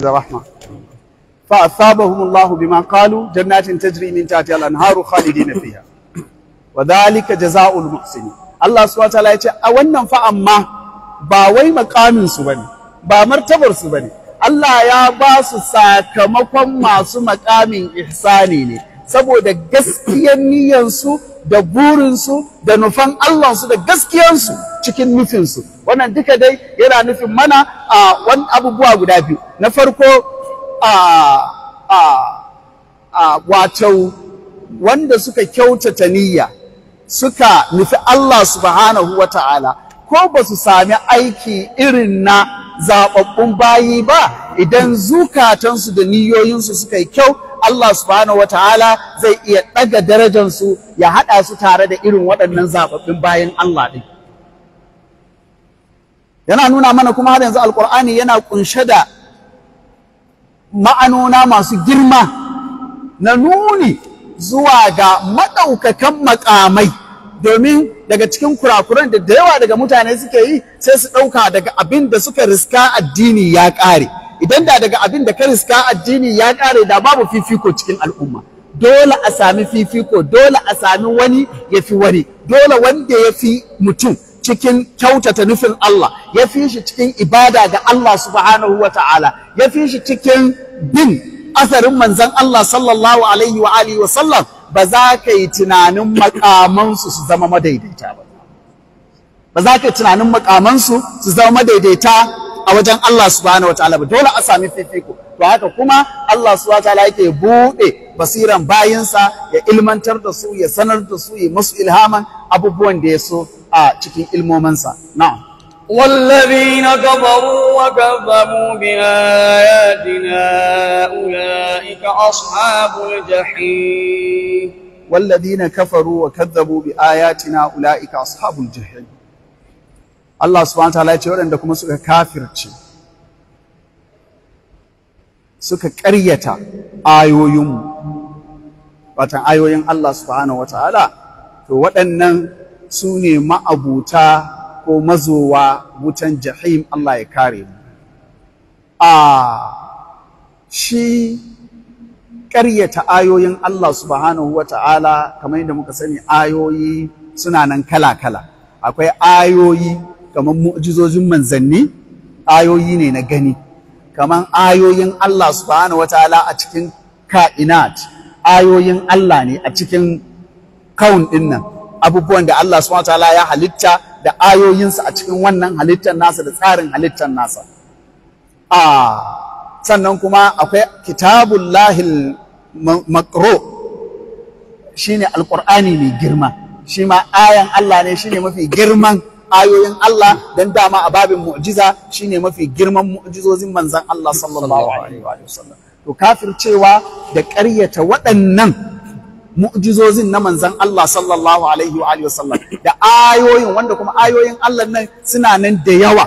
الرحمة فأثابهم الله بما قالوا جنات تجري من تحتها الأنهار خالدين فيها وذلك جزاء المحسنين الله سبحانه وتعالى يقول أولا فأما باوي مقام سبني با مرتبر سبني Allah ya ba su sakamakon masu makamin ihsani ne saboda gaskiyar niyyarsu da burinsu da nufan Allahnsu da gaskiyansu cikin nufinsu wannan duka dai yana nufin mana a wani abubuwa guda biyu na farko a a a wato wanda suka kyautata niyya suka nufi Allah subhanahu wa ta'ala ko ba su sami aiki irin na zaɓaɓɓun bayi ba idan zukatansu da niyoyinsu suka yi kyau Allah subhanahu wataala zai iya ɗaga su ya haɗa su tare da irin waɗannan zababbin bayan Allah ɗin yana nuna mana kuma har yanzu alkur'ani yana kunshe da ma'anona masu girma na nuni zuwa ga maɗaukakan makamai domin daga cikin kurakuran da da yawa daga mutane suke yi sai su ɗauka daga abin da suka riska addini ya ƙare idan da daga abin da ka riska addini ya kare da babu fifiko cikin al'umma dole a sami fifiko dole a sami wani ya fi wani dole wanda ya fi mutum cikin kyautata nufin Allah ya fi shi cikin ibada ga Allah subhanahu wa ta'ala ya fi shi cikin bin asarin manzan Allah sallallahu alaihi wa alihi wa sallam ba za ka yi tunanin makamansu su zama madaidaita ba ba za ka yi tunanin makamansu su zama madaidaita a wajen Allah subhanahu wataala ba dole a sami fifiko to haka kuma Allah subhanahu wataala yake bude basiran bayinsa ya ilmantar da su ya sanar da su ya masu ilhaman abubuwan da ya so a cikin ilmomansa na'am والذين كفروا وكذبوا بآياتنا أولئك أصحاب الجحيم والذين كفروا وكذبوا بآياتنا أولئك أصحاب الجحيم Allah subhanahu ta'ala ya ce waɗanda kuma suka kafirce suka ƙaryata ayoyinmu watan ayoyin Allah subhanahu ta'ala, to waɗannan su ne ma'abuta ko mazowa wutan jahim Allah ya kare mu a shi ƙaryata ayoyin Allah subhanahu ta'ala kamar yadda muka sani ayoyi suna nan kala-kala akwai ayoyi Kaman mu'jizojin manzanni ayoyi ne na gani Kaman ayoyin Allah subhanahu wataala a cikin ka'inat ayoyin Allah ne a cikin kaun din abubuwan da Allah subhanahu wataala ya halitta da ayoyinsa a cikin wannan halittar nasa da tsarin halittar nasa a sannan kuma akwai lahil makro shine alqur'ani mai girma shi ma ayan Allah ne shine mafi girman ayoyin Allah dan dama a babin mu'jiza shine mafi girman mu'jizozin manzon Allah sallallahu alaihi wa sallam to cewa da ƙaryata waɗannan mu'jizozin na manzon Allah sallallahu alaihi wa sallam da ayoyin wanda kuma ayoyin Allah nan suna nan da yawa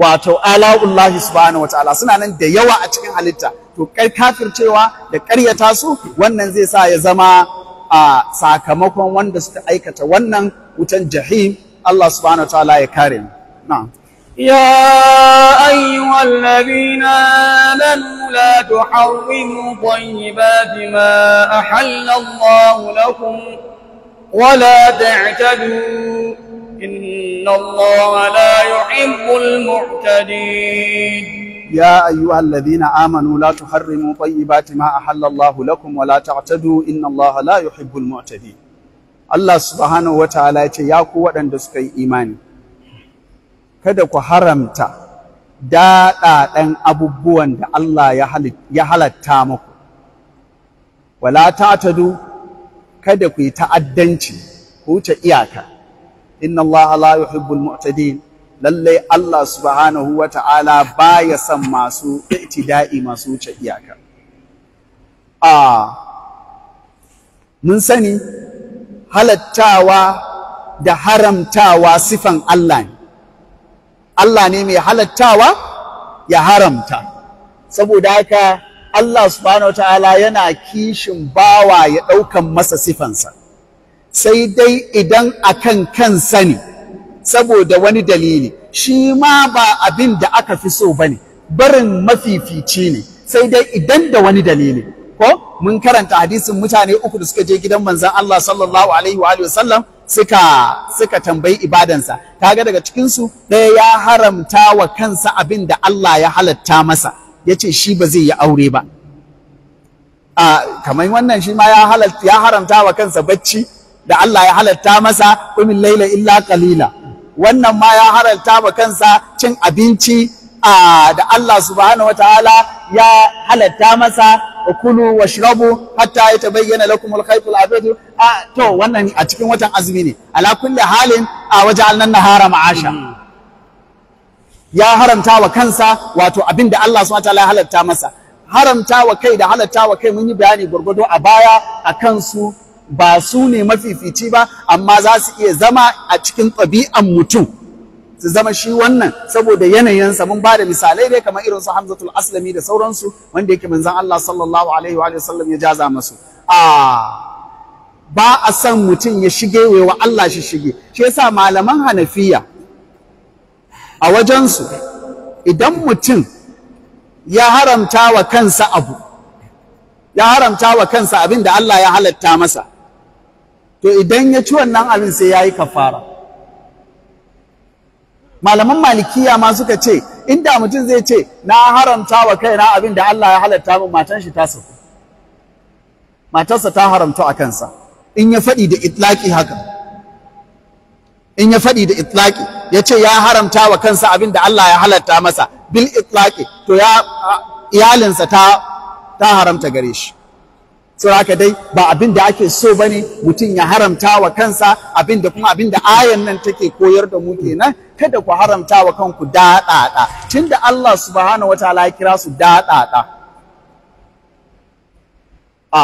wato ala'ullahi subhanahu ta'ala suna nan da yawa a cikin halitta to kai kafircewa da ƙaryata su wannan zai sa ya zama a sakamakon wanda suka aikata wannan wutan jahim Allah subhanahu wa ta'ala ya kare mu na'am يا أيها الذين آمنوا لا تحرموا طيبات ما أحل الله لكم ولا تعتدوا إن الله لا يحب المعتدين يا أيها الذين آمنوا لا تحرموا طيبات ما أحل الله لكم ولا تعتدوا إن الله لا يحب المعتدين الله سبحانه وتعالى يا قوة دسكي إيماني kada ku haramta daɗaɗen abubuwan da Allah ya halatta muku wala ta'tadu kada ku yi ta'addanci ku wuce iyaka inna Allah la yuhibbul mu'tadin lallai Allah subhanahu wa ta'ala ba ya son masu itida'i masu wuce iyaka. A mun sani halattawa da haramtawa sifan Allah ne. Allah ne mai halattawa ya haramta. Saboda haka Allah subhanahu wa ta'ala yana kishin bawa ya ɗaukan masa sifansa. Sai dai idan akan kansa ne. saboda wani dalili shi ma ba abin da aka fi so ba ne, barin mafifici ne sai dai idan da wani dalili ko mun karanta hadisin mutane uku da suka je gidan manzan Allah sallallahu alaihi wa sallam suka tambayi ibadansa kaga daga cikinsu? ɗaya ya haramta wa kansa abin da Allah ya halatta masa ya ce shi ba zai yi aure ba a kamar wannan shi ma ya haramta wa kansa bacci da Allah ya halatta masa kumin laila illa qalila wannan ma ya haranta ma kansa cin abinci da Allah subhanahu wataala ya halatta masa kulu washrabu hatta tabayyana lakum al-khayt al-abyad to wannan a cikin watan azumi ne ala kulli halin a waja'alna nahara ma'asha ya haramta wa kansa wato abin da Allah subhanahu wataala ya halatta masa haramta wa kai da halatta wa kai mun yi bayani gurgudo a baya akan su ba su ne mafifici ba amma za su iya zama a cikin ɗabi'an mutum su zama shi wannan saboda yanayinsa mun ba da misalai dai kamar irin su Hamzatul Aslami da sauransu wanda yake manzon Allah sallallahu alaihi wa sallam ya jaza masu a ba a san mutum ya shige wa Allah shi shige shi yasa malaman Hanafiya a wajensu idan mutum ya haramta wa kansa abu ya haramta wa kansa abin da Allah ya halatta masa to idan ya ci wannan abin sai ya yi kafara malaman malikiya ma suka ce inda mutum zai ce na haramta wa kaina abin da Allah ya halatta min matan shi ta sauku matarsa ta haramta a kansa in ya faɗi da itlaki haka in ya faɗi da itlaki ya ce ya haramta wa kansa abin da Allah ya halatta masa bil itlaki to ya iyalinsa ta haramta gare shi saboda dai ba abin da ake so ba ne mutum ya haramta wa kansa abin da kuma abin da ayan nan take koyar da mu kenan kada ku haramta wa kanku daɗaɗa tunda Allah subhanahu wataala ya kira su daɗaɗa a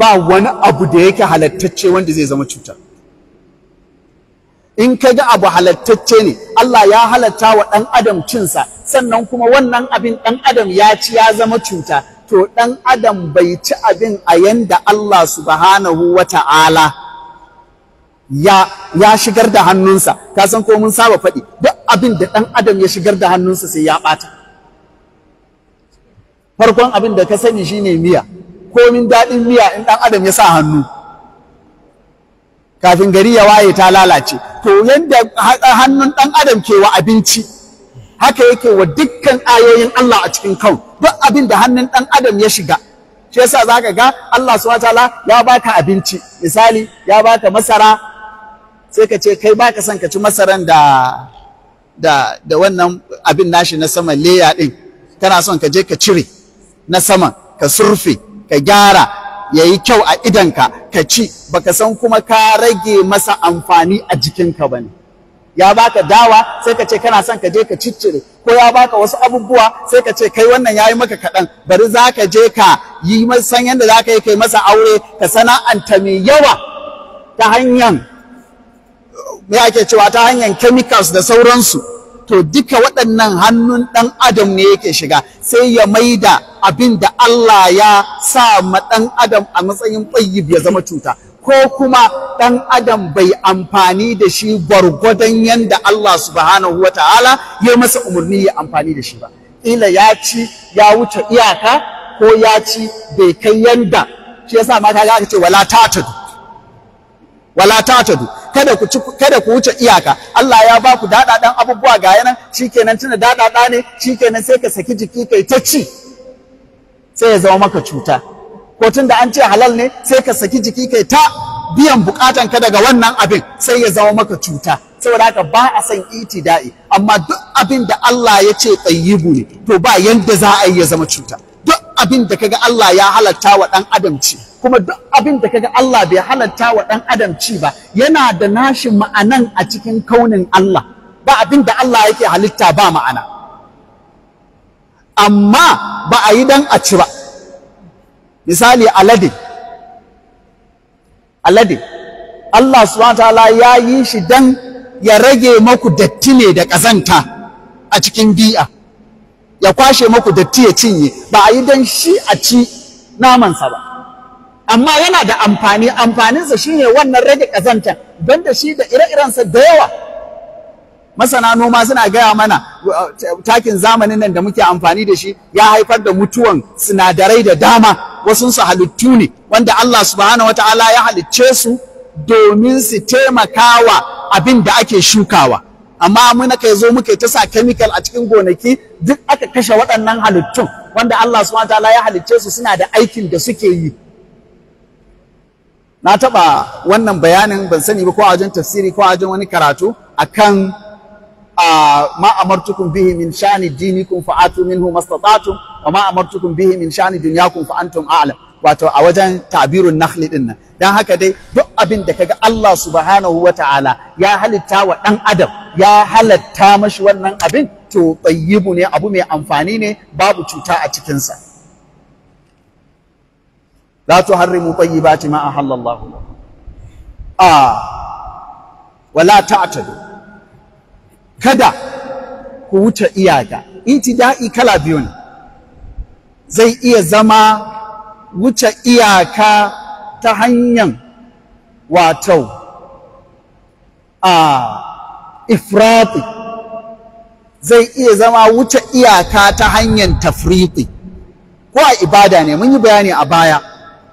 ba wani abu da yake halattacce wanda zai zama cuta in ka ga abu halattacce ne Allah ya halatta wa ɗan adam cinsa sannan kuma wannan abin ɗan adam ya ci ya zama cuta to ɗan adam bai ci abin a yanda Allah subhanahu wa ta'ala ya, shigar da hannunsa, ka san ko mun saba faɗi, duk abin da ɗan adam ya shigar da hannunsa sai ya ɓata. Farkon abin da ka sani shine miya, komin daɗin miya in ɗan adam ya sa hannu. Kafin gari ya waye ta lalace, to yanda hannun ɗan adam ke wa abinci, haka yake wa dukkan ayoyin Allah a cikin kawo duk abin da hannun ɗan adam ya shiga shi yasa ka ga Allah su wata ya baka abinci misali ya baka masara sai ka ce kai baka son ka ci masaran da wannan abin nashi na saman leya din kana son ka je ka cire na saman ka surfe ka gyara ya yi kyau a idanka ka ci baka san kuma ka rage masa amfani a jikinka ba ne. ya baka dawa sai ka ce kana son ka je ka ciccire ko ya baka wasu abubuwa sai ka ce kai wannan yayi maka kaɗan bari za ka je ka yi san yadda za ka yi kai masa aure ka sana'anta mai yawa ta hanyar me ake cewa ta hanyar chemicals da sauransu to duka waɗannan hannun ɗan adam ne yake shiga sai ya maida abin da Allah ya sa ma ɗan adam a matsayin tsayib ya zama cuta ko kuma ɗan adam bai amfani da shi gwargwadon yadda Allah subhanahu wa ta'ala ya masa umarni ya amfani da shi ba ila ya ci ya wuce iyaka ko ya ci bai kai yanda shi yasa mata ga aka ce wala tatadu wala tatadu kada ku kada ku wuce iyaka Allah ya ba ku dadadan abubuwa ga yanan shikenan tuna daɗaɗa ne shikenan sai ka saki jiki kai ta ci sai ya zama maka cuta ko tun da an ce halal ne sai ka saki jiki kai ta biyan bukatan ka daga wannan abin sai ya zama maka cuta saboda haka ba a san iti itida'i amma duk abin da Allah ya ce tsayibu ne to ba yanda za a yi ya zama cuta duk abin da kaga Allah ya halatta wa dan adam ci kuma duk abin da kaga Allah bai halatta wa dan adam ci ba yana da nashi ma'anan a cikin kaunin Allah ba abin da Allah yake halitta ba ma'ana amma ba a yi dan a ci ba misali alade alade Allah subhanahu ta'ala ya yi shi dan ya rage maku datti ne da ƙazanta a cikin bi'a ya kwashe maku datti ya cinye ba a yi dan shi a ci namansa ba amma yana da amfani amfaninsa shine wannan rage ƙazanta banda shi da ire-irensa da yawa masana noma suna gaya mana takin zamanin nan da muke amfani da shi ya haifar da mutuwan sinadarai da dama wasu su halittu ne wanda Allah subhanahu wataala ya halicce su domin su taimakawa abin da ake shukawa amma muna kai zo muke ta sa chemical a cikin gonaki duk aka kashe waɗannan halittun wanda Allah subhanahu wataala ya halicce su suna da aikin da suke yi na taɓa wannan bayanin ban sani ba ko a wajen tafsiri ko a wajen wani karatu akan ma amartukum bihi min shani dinikum fa atu minhu mastata'tum wa ma amartukum bihi min shani dunyakum fa antum a'lam wato a wajen tabirun nakhli din nan dan haka dai duk abin da kaga Allah subhanahu wa ta'ala ya halitta wa dan adam ya halatta mashi wannan abin to tayyibu ne abu mai amfani ne babu cuta a cikin sa la tuharrimu tayyibati ma ahalla Allah ah wala ta'tadu kada ku wuce iyaka intida'i kala biyu ne zai iya zama wuce iyaka ta hanyar wato a ifrati zai iya zama wuce iyaka ta hanyar tafriti ko a ibada ne mun yi bayani a baya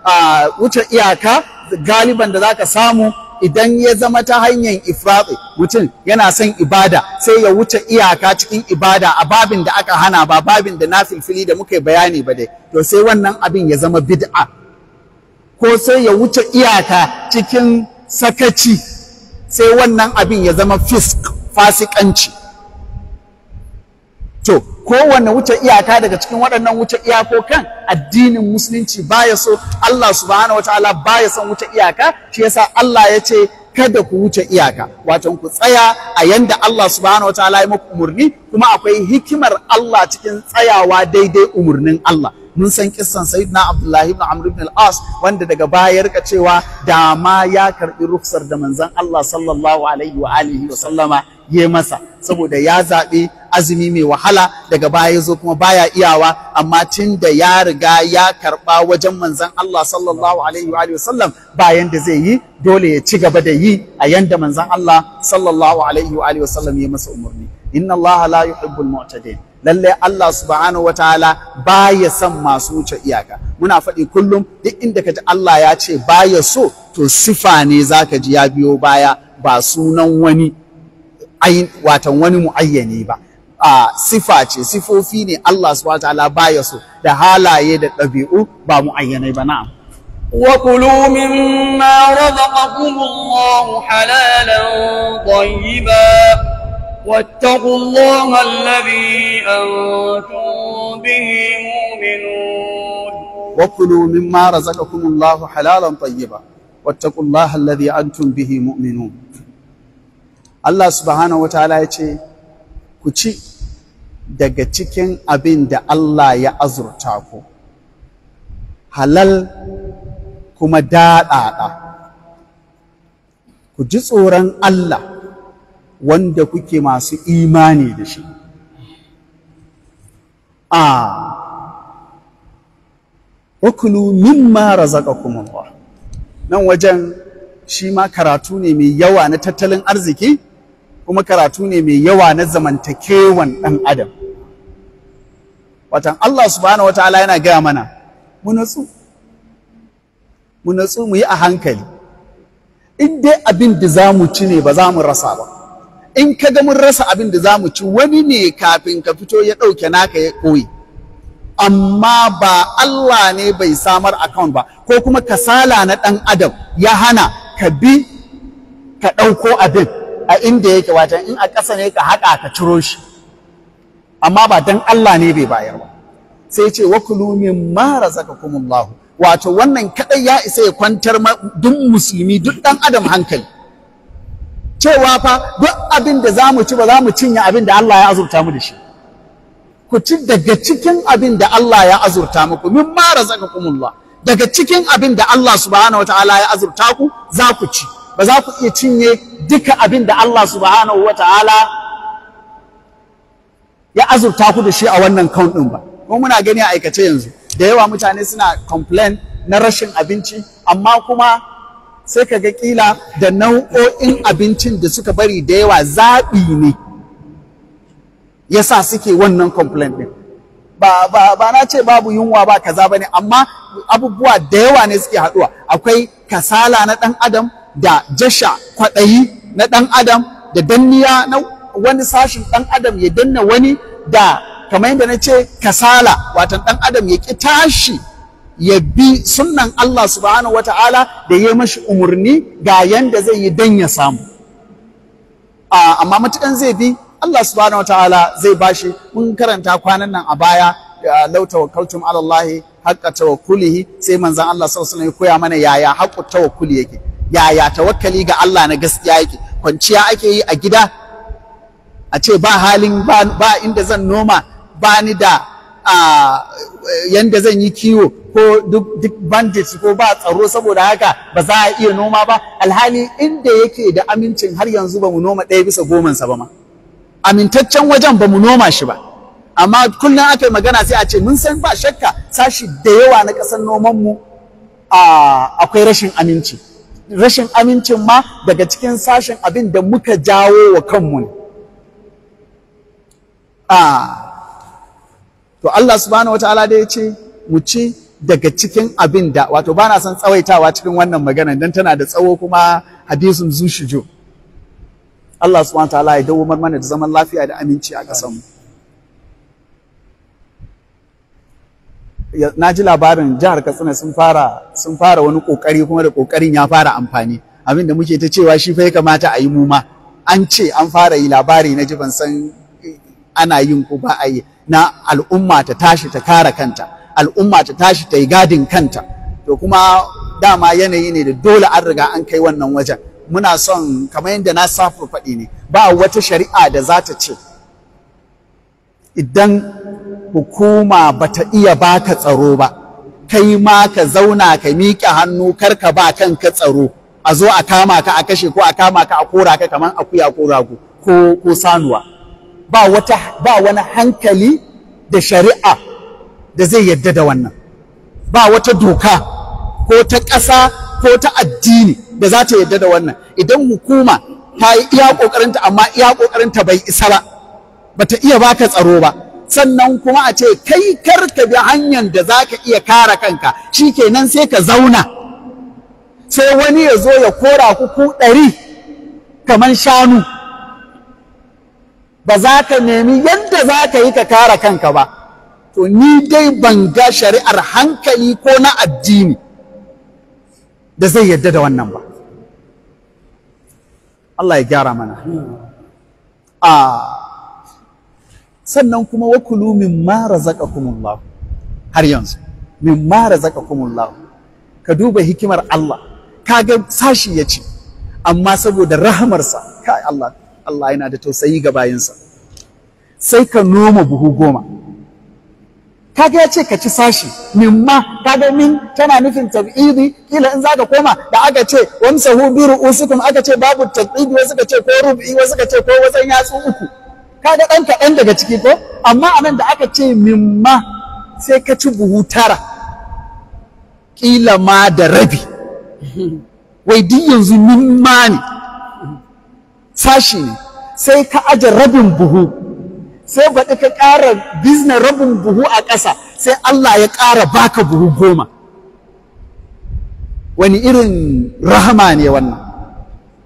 a wuce iyaka galiban da za ka samu idan ya zama ta hanyar ifraɗi mutum yana son ibada sai ya wuce iyaka cikin ibada a babin da aka hana ba babin da na filfili da muka bayani ba dai to sai wannan abin ya zama bid'a ko sai ya wuce iyaka cikin sakaci sai wannan abin ya zama fisk fasikanci to kowanne wuce iyaka daga cikin waɗannan wuce iyakokan addinin musulunci ya so Allah subhanahu ba ya son wuce iyaka shi yasa Allah ya ce kada ku wuce iyaka wato ku tsaya a yanda Allah subhanahu wataala ya muku umarni? kuma akwai hikimar Allah cikin tsayawa daidai umarnin Allah mun san kissan sayyidina abdullahi ibn amr ibn al-as wanda daga baya ya cewa da ma ya karbi rufsar da manzon Allah sallallahu alaihi wa alihi wa sallama ya masa saboda ya zabe azumi mai wahala daga baya zo kuma baya iyawa amma tun da ya riga ya karba wajen manzon Allah sallallahu alaihi wa sallam bayan da zai yi dole ya ci gaba da yi a yanda manzon Allah sallallahu alaihi wa sallam ya masa umarni inna Allah la yuhibbul mu'tadin lalle Allah subhanahu ta'ala baya son masu wuce iyaka muna faɗi kullum duk inda ka kaji Allah ya ce baya so to sifa ne zaka ji ya biyo baya ba sunan wani watan wani muayyani ba a sifa ce sifofi ne Allah subhanahu wataala baya so da halaye da ɗabi'u ba muayyanai ba na'am وكلوا مما رزقكم الله حلالا طيبا واتقوا الله الذي أنتم به مؤمنون وكلوا مما رزقكم الله حلالا طيبا واتقوا الله الذي أنتم به مؤمنون الله سبحانه وتعالى يقول ku ci daga cikin abin da Allah ya azurta ku halal kuma daɗaɗa ku ji tsoron Allah wanda kuke masu imani da shi a ukulu mimma ba. nan wajen shi ma karatu ne mai yawa na tattalin arziki kuma karatu ne mai yawa na zamantakewan ɗan adam watan Allah subhanahu ala yana gaya mana mu natsu mu natsu mu yi a hankali in dai abin da za mu ci ne ba za mu rasa ba in ka ga mun rasa abin da za mu ci wani ne kafin ka fito ya ɗauke naka ya koyi amma ba Allah ne bai samar account ba ko kuma kasala na ɗan adam ya hana ka bi ka ɗauko abin a inda yake watan in a ƙasa ne ka haƙa ka ciro shi amma ba dan Allah ne bai bayar ba sai ce wa kulu mimma razaqakumullahu wato wannan kaɗai ya isa ya kwantar duk musulmi duk dan adam hankali cewa fa duk abin da zamu ci ba zamu cinye abin da Allah ya azurta mu da shi ku ci daga cikin abin da Allah ya azurta muku mimma razaqakumullah daga cikin abin da Allah subhanahu wataala ya azurta ku za ku ci ba za ku iya cinye duka abin da Allah subhanahu wa ta'ala ya azurta ku da shi a wannan kaun ɗin ba ko muna gani a aikace yanzu da yawa mutane suna complain na rashin abinci amma kuma sai ka ga ƙila da nau'o'in abincin da suka bari da yawa zaɓi ne ya sa suke wannan complain ɗin ba ba ba na ce babu yunwa ba kaza ba ne, amma abubuwa da yawa ne suke haɗuwa akwai kasala na ɗan adam da jasha kwaɗayi na ɗan adam da danniya na wani sashin ɗan adam ya danna wani da kamar yadda na ce kasala watan ɗan adam ya ƙi tashi ya bi sunnan Allah subhanahu wata'ala da ya mashi umarni ga yanda zai yi dan ya samu amma matukan zai bi Allah subhanahu wata'ala zai bashi mun karanta kwanan nan a baya law tawakkaltum ala Allah haqqa tawakkulihi sai manzon Allah sallallahu alaihi wasallam ya koya mana yaya haqqu tawakkuli yake yaya tawakkali ga Allah na gaskiya yake kwanciya ake yi a gida a ce ba halin ba inda zan noma ba ni da yanda zan yi kiwo ko duk bandit ko ba tsaro saboda haka ba za a iya noma ba alhali inda yake da amincin har yanzu ba mu noma ɗaya bisa gomansa ba ma amintaccen wajen ba mu noma shi ba amma kullum aka yi magana sai a ce mun san ba shakka sashi da yawa na ƙasar mu akwai rashin aminci rashin amincin ma daga cikin sashen abin da muka jawo wa kanmu ne to Allah subhanahu wataala da ya ce mu ci daga cikin abin da wato ba na son tsawaitawa cikin wannan magana don tana da tsawo kuma hadisin zushijo Allah subhanahu wataala ya dawo mana da zaman lafiya da aminci a ƙasarmu na ji labarin jihar katsina sun fara sun fara wani kokari kuma da kokarin ya fara amfani abin da muke ta cewa shi fa ya kamata a yi mu ma an ce an fara yi labari na ji ban san eh, ana yin ko ba a yi na al'umma ta tashi ta kare kanta al'umma ta tashi ta yi gadin kanta to kuma dama yanayi ne da dole an riga an kai wannan wajen muna son kamar yadda na safa faɗi ne ba wata shari'a da za ta ce idan hukuma ba ta iya baka tsaro ba kai ma ka zauna ka miƙa hannu kar ka ba kanka tsaro a zo a kama ka a kashe ko a kama ka a kora ka kamar akuya ko rago ko ko sanuwa ba wani hankali da shari'a da zai yadda da wannan ba wata doka ko ta ƙasa ko ta addini da za ta yadda da wannan idan hukuma ta yi iya ƙoƙarinta amma iya ƙoƙarinta bai isa ba ba ta iya baka tsaro ba sannan kuma a ce kai kar ka bi hanyar da za ka iya kare kanka shi kenan sai ka zauna sai wani ya zo ya kora kuku ɗari kamar shanu ba za ka nemi yadda za ka yi ka kare kanka ba to ni dai ban ga shari'ar hankali ko na addini da zai yadda da wannan ba Allah ya gyara mana a ah. sannan kuma wakulu mimma razaqakumullah har yanzu min mimma razaqakumullah ka duba hikimar Allah kaga sashi yace amma saboda rahamarsa kai Allah Allah yana da tausayi ga bayansa. sai ka noma buhu goma kaga ya ce ka ci sashi mimma kaga min tana nufin tab'idi kila in zaka koma da aka ce sahu biru ru'usikum aka ce babu tab'idi wasu ka ce ko rubi wasu ka ce ko wasan yatsu uku kaga ɗan kaɗan daga ciki ko amma anan da aka ce mimma sai ka ci buhu tara ƙila ma da rabi wai duk yanzu mimma ne sashi ne sai ka aje rabin buhu sai gwaɗi ka ƙara bizna rabin buhu a ƙasa sai Allah ya ƙara baka buhu goma wani irin rahama ne wannan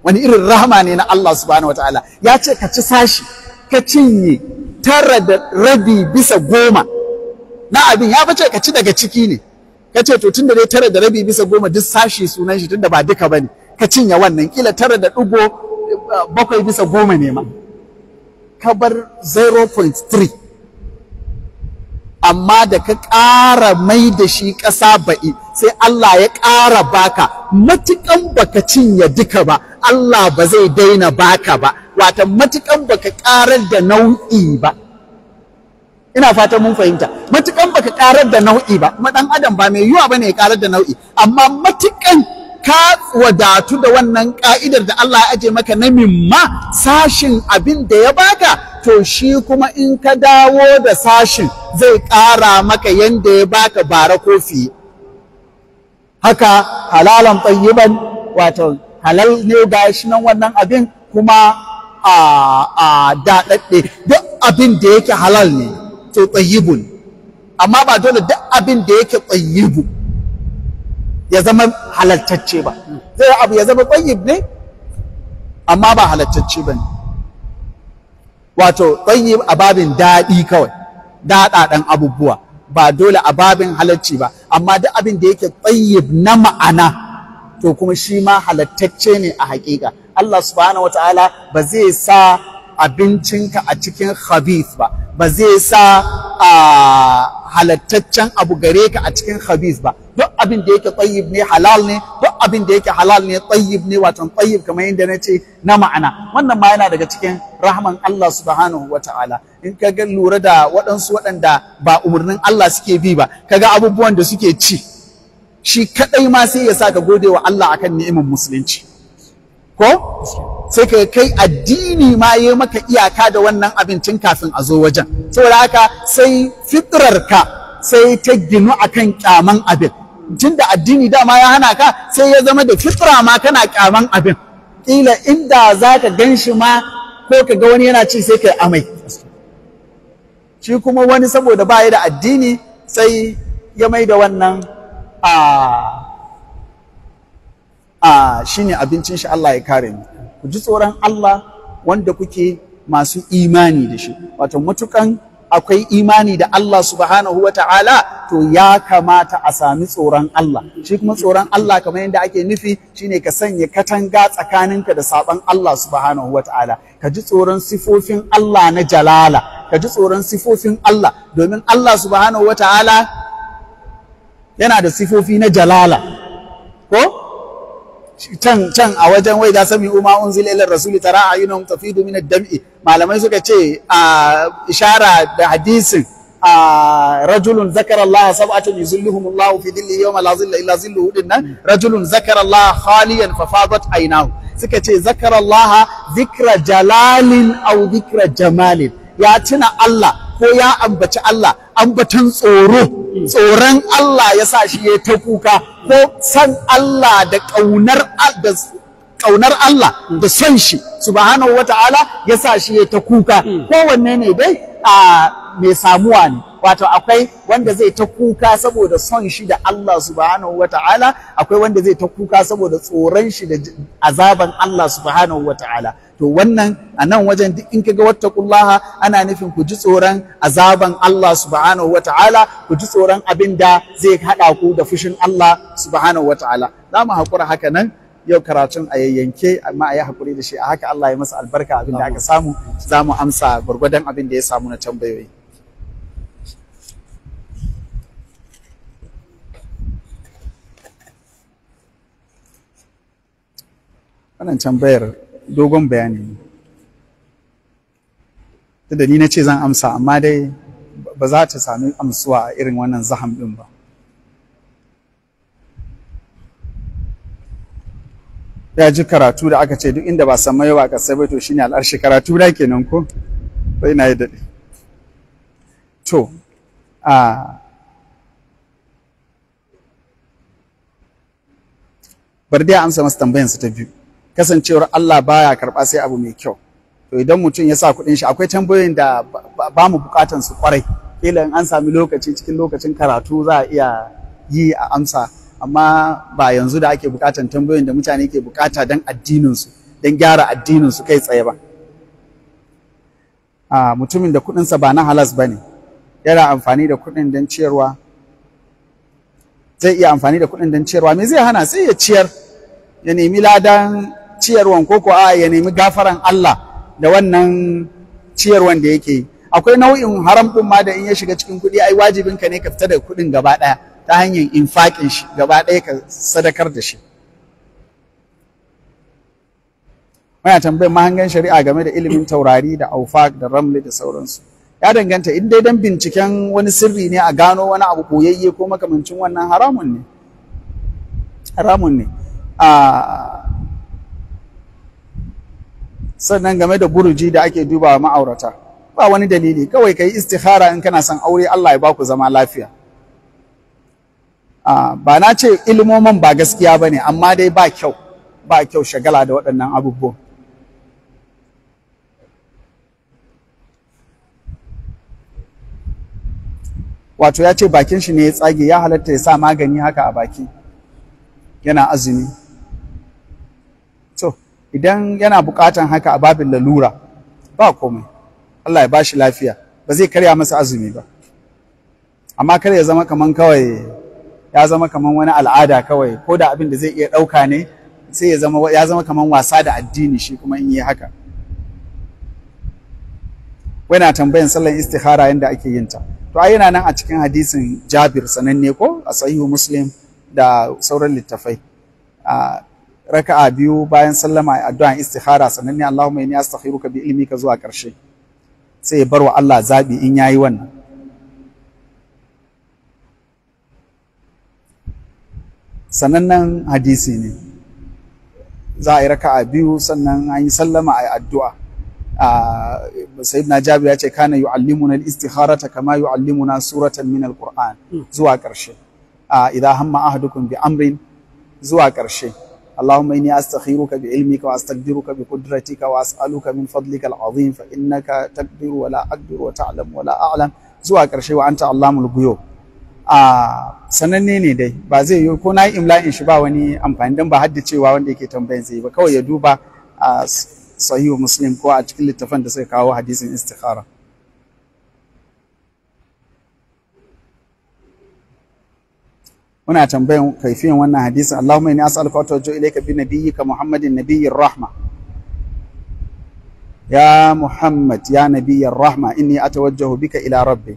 wani irin rahama ne na Allah subhanahu wataala ya ce ka ci sashi ka cinye tara da rabi bisa goma na abin ya bace ka ci daga ciki ne ka ce to tunda dai tara da rabi bisa goma duk sashi sunan shi tunda ba duka bane ka cinye wannan kila tara da dugo eh, bakwai bisa goma ne ma ka bar 0.3 amma da ka ƙara mai da shi ƙasa ba'i sai Allah ya ƙara baka matuƙan baka cinye duka ba Allah ba zai daina baka ba wata matukan baka karar da nau'i ba ina fatan mun fahimta matukan baka karar da nau'i ba kuma dan adam ba mai yuwa bane ya karar da nau'i amma matukan ka wadatu da wannan ka'idar da Allah ya aje maka na mimma sashin abin da ya baka to shi kuma in ka dawo da sashin zai kara maka yanda ya baka bara kofi haka halalan tayyiban wato halal ne gashi shi nan wannan abin kuma a daɗaɗɗe duk abin da yake halal ne to tsayibun amma ba dole duk abin da yake tsayibu ya zama halaltacce ba zai abu ya zama tsayib ne amma ba halaltacce ba ne wato tsayib a babin daɗi kawai daɗaɗen abubuwa ba dole a babin halarci ba amma duk abin da yake tsayib na ma'ana to kuma shi ma halattacce ne a haƙiƙa Allah subhanahu ta'ala ba zai sa abincinka a cikin khabith ba ba zai sa a halattaccen abu gare ka a cikin khabith ba duk abin da yake tsayib ne halal ne duk abin da yake halal ne tsayib ne watan tsayib kamar yadda na ce na ma'ana wannan ma yana daga cikin rahman Allah subhanahu ta'ala in ka ga lura da waɗansu waɗanda ba umarnin Allah suke bi ba ka ga abubuwan da suke ci shi kaɗai ma sai ya sa ka gode wa Allah akan ni'imin musulunci ko sai ka kai addini ma ya maka iyaka da wannan abincin kafin a zo wajen saboda haka sai fitrarka sai ta ginu akan kyaman abin tunda addini dama ya hana ka sai ya zama da fitra ma kana kyaman abin kila inda za ka gan shi ma ko ka ga wani yana ci sai ka amai shi kuma wani saboda baya da addini sai ya mai da wannan a ah, a ne abincin shi Allah ya kare mu ku ji tsoron Allah wanda kuke masu imani da shi wato matukan akwai imani da Allah subhanahu wa ta'ala to ya kamata a sami tsoron Allah shi kuma tsoron Allah kamar yadda ake nufi shine ka sanya katanga tsakaninka da saban Allah subhanahu wa ta'ala ka ji tsoron sifofin Allah na jalala ka ji tsoron sifofin Allah domin Allah subhanahu wa ta'ala yana da sifofi na jalala ko can can a wajen wai da sami umma unzila ila rasuli tara ayunum tafidu min ad-dam'i malamai suka ce a ishara da hadisin a rajulun zakara Allah sab'atun yuzilluhum Allah fi dhilli yawma la zilla illa zilluhu dinna rajulun zakara Allah khaliyan fa fadat aynahu suka ce zakara Allah zikra jalalin aw zikra jamalin ya tuna Allah ko ya ambaci Allah ambatan tsoro tsoron Allah ya sa shi ya ta kuka ko san Allah da ƙaunar da kaunar Allah da son shi subhanahu wata'ala ya sa shi ya ta kuka mm. kowanne ne dai a mai samuwa ne wato akwai wanda zai ta kuka saboda son shi da Allah subhanahu wata'ala akwai wanda zai ta kuka saboda tsoron shi da azaban Allah subhanahu wata'ala to wannan a nan wajen duk in kaga kullaha ana nufin ku ji tsoron azaban Allah subhanahu wata'ala ku ji tsoron abin da zai hada ku da fushin Allah subhanahu wata'ala za mu haƙura haka nan yau karatun a yayyanke amma a yi hakuri da shi a haka Allah ya masa albarka abin da aka samu za mu amsa gwargwadon abin da ya samu na tambayoyi wannan tambayar dogon bayani ne da ni na ce zan amsa amma dai ba za ta sami amsuwa a irin wannan zaham ɗin ba ya ji karatu da aka ce duk inda ba san mai ba ka sai bai to shine al'arshi karatu da kenan ko sai na yi dade to a bar dai amsa masa tambayan su ta biyu kasancewar Allah baya karba sai abu mai kyau to idan mutum ya sa kuɗin shi akwai tambayoyin da ba mu bukatan su kwarai kila in an sami lokaci cikin lokacin karatu za a iya yi a amsa amma ba yanzu da ake bukatan tambayoyin da mutane ke bukata don addininsu don gyara addininsu kai tsaye ba a mutumin da kudinsa ba na halas ba ne yana amfani da kudin don ciyarwa zai iya amfani da kudin don ciyarwa me zai hana sai ya ciyar ya nemi ladan ciyarwan ko ko ya nemi gafaran Allah da wannan ciyarwan da yake akwai nau'in haram ɗin ma da in ya shiga cikin kuɗi ai wajibinka ne ka fita da kuɗin gaba ɗaya ta hanyar infaƙin shi gaba ɗaya ka sadakar da shi muna tambayar mahangan shari'a game da ilimin taurari da aufak da ramli da sauransu ya danganta in dai dan binciken wani sirri ne a gano wani abu boyayye ko makamancin wannan haramun ne haramun ne sannan game da buruji da ake dubawa ma'aurata ba wani dalili kawai ka yi istihara in kana son aure Allah ya baku zama lafiya Ah, ba na ce ilmomin ba gaskiya ba ne amma dai ba kyau ba kyau shagala da waɗannan abubuwan wato ya ce bakin shi ne ya tsage ya halatta ya sa magani haka a baki yana azumi to idan yana bukatan haka a babin lalura ba komai Allah ya bashi lafiya ba zai karya masa azumi ba amma kar ya zama kaman kawai ya zama kamar wani al'ada kawai ko da abin da zai iya ɗauka ne sai ya zama ya zama kamar wasa da addini shi kuma in yi haka na tambayan sallan istihara yadda ake yin ta to ai yana nan a cikin hadisin Jabir sananne ko a sahihu Muslim da sauran littafai a raka'a biyu bayan sallama addu'an istihara sananne Allahumma inni astakhiruka bi ilmika zuwa karshe sai ya bar wa Allah zabi in yayi wannan sanannen hadisi ne za a yi raka a biyu sannan an yi sallama a yi addu'a sayyidina jabir ya ce kana yu'allimuna al-istikharata kama yu'allimuna suratan min al-qur'an hmm. zuwa karshe Idan hamma ahadukum bi amrin zuwa karshe اللهم إني أستخيرك بعلمك وأستقدرك بقدرتك وأسألك من فضلك العظيم فإنك تقدر ولا أقدر وتعلم ولا أعلم زوا كرشي وأنت علام الغيوب a sananne ne dai ba zai yi ko na yi imla'in shi ba wani amfani don ba cewa wanda yake tambayin zai ba kawai ya duba a sahihu muslim ko a cikin littafan da suka kawo hadisin istikhara muna tambayan kaifiyan wannan hadisin Allahumma inni as'aluka wa tawajju ilayka bi nabiyyika Muhammadin nabiyyir rahma ya Muhammad ya nabiyyir rahma inni atawajjahu bika ila rabbi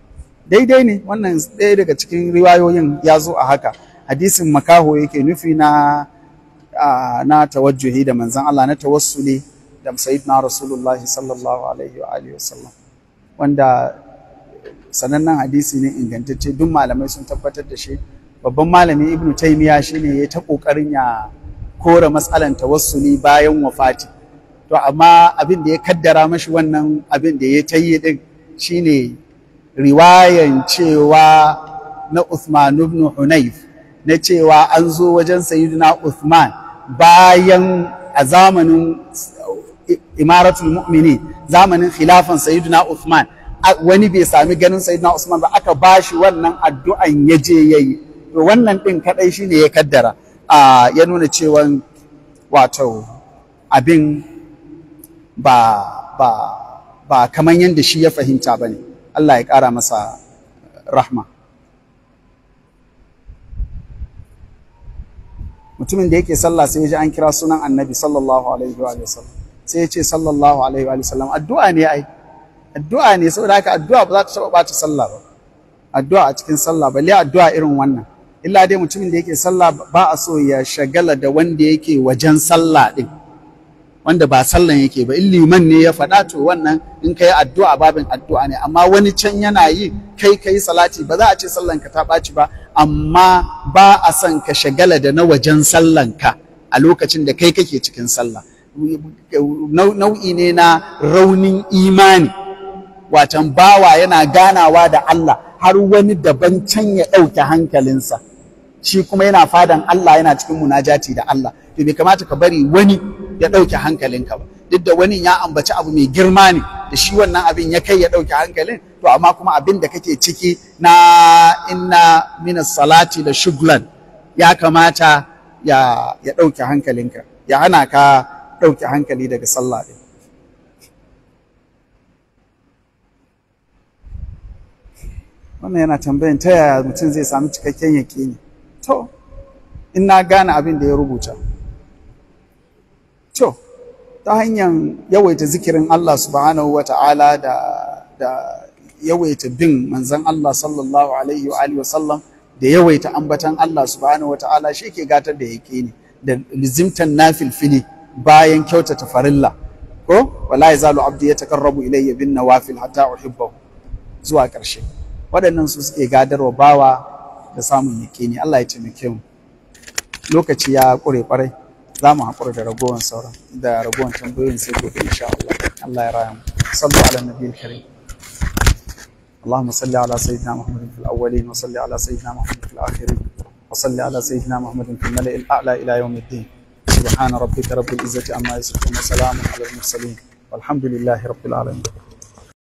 daidai ne wannan ɗaya daga cikin riwayoyin ya zo a haka hadisin makaho yake nufi na na tawajjuhi da manzon Allah na tawassuli da sayyidina rasulullahi sallallahu alaihi wa alihi wasallam wanda sanannen hadisi ne ingantacce duk malamai sun tabbatar da shi babban malami ibnu taymiya shine ya ta kokarin ya kore matsalan tawassuli bayan wafati to amma abin da ya kaddara mashi wannan abin da ya tayi din shine riwayan cewa na Uthman ibn Hunayf na cewa an zo wajen Sayyidina Uthman bayan a zamanin imaratul mu'mini zamanin khilafan Sayyidina Uthman wani bai sami ganin Sayyidina Uthman ba aka bashi wannan addu'an ya je yayi to wannan din kadai shine ya kaddara ya nuna cewa wato abin ba ba ba kamar yadda shi ya fahimta bane Allah ya ƙara masa rahma mutumin da yake sallah sai ji an kira sunan annabi sallallahu alaihi wa sallam sai ya ce sallallahu alaihi wa sallam addu'a ne ai addu'a ne saboda haka addu'a ba za ta taɓa ɓata sallah ba addu'a a cikin sallah balle addu'a irin wannan illa dai mutumin da yake sallah ba a so ya shagala da wanda yake wajen sallah din wanda ba sallan yake ba in liman ne ya faɗa to wannan in ka yi addu'a babin addu'a ne amma wani can yana yi kai kai salati ba za a ce sallan ka ta ɓaci ba amma ba a son ka shagala da na wajen sallan ka a lokacin da kai kake cikin sallah nau'i ne na raunin imani watan bawa yana ganawa da Allah har wani daban can ya ɗauke hankalinsa shi kuma yana fadan Allah yana cikin munajati da Allah to bai kamata ka bari wani ya ɗauke hankalinka ba duk da wani ya ambaci abu mai girma ne da shi wannan abin ya kai ya ɗauke hankalin to amma kuma abin da kake ciki na inna mina salati da shugulan ya kamata ya ya ɗauke hankalinka ya hana ka ɗauke hankali daga sallah ɗin wannan yana tambayan ta yaya mutum zai sami cikakken yaƙini to in na gane abin da ya rubuta to ta hanyar yawaita zikirin Allah subhanahu wa ta'ala da da yawaita bin manzan Allah sallallahu alaihi wa alihi Sallam, da yawaita ambatan Allah subhanahu wa ta'ala shi ke gatar da yake ne da lizimtan nafilfili bayan kyautata farilla ko wala zalu abdi takarrabu ilayya bin nawafil hatta uhibbahu zuwa ƙarshe waɗannan su suke gadarwa bawa da samun yake ne Allah ya taimake mu lokaci ya ƙure ƙwarai za mu haƙura صورة ragowar sauran da ragowar إن شاء الله الله Allah صلوا على النبي الكريم اللهم صل على سيدنا محمد في الأولين وصل على سيدنا محمد في الآخرين وصل على سيدنا محمد في الملئ الأعلى إلى يوم الدين سبحان ربك رب العزة عما يصفون وسلام على المرسلين والحمد لله رب العالمين